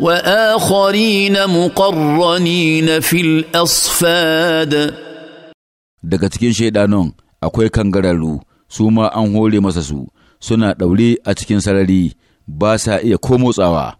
واخرين مقرنين في الاصفاد daga cikin shaidanun akwai kangararru su ma an hore masa su suna ɗaure a cikin sarari ba sa iya ko motsawa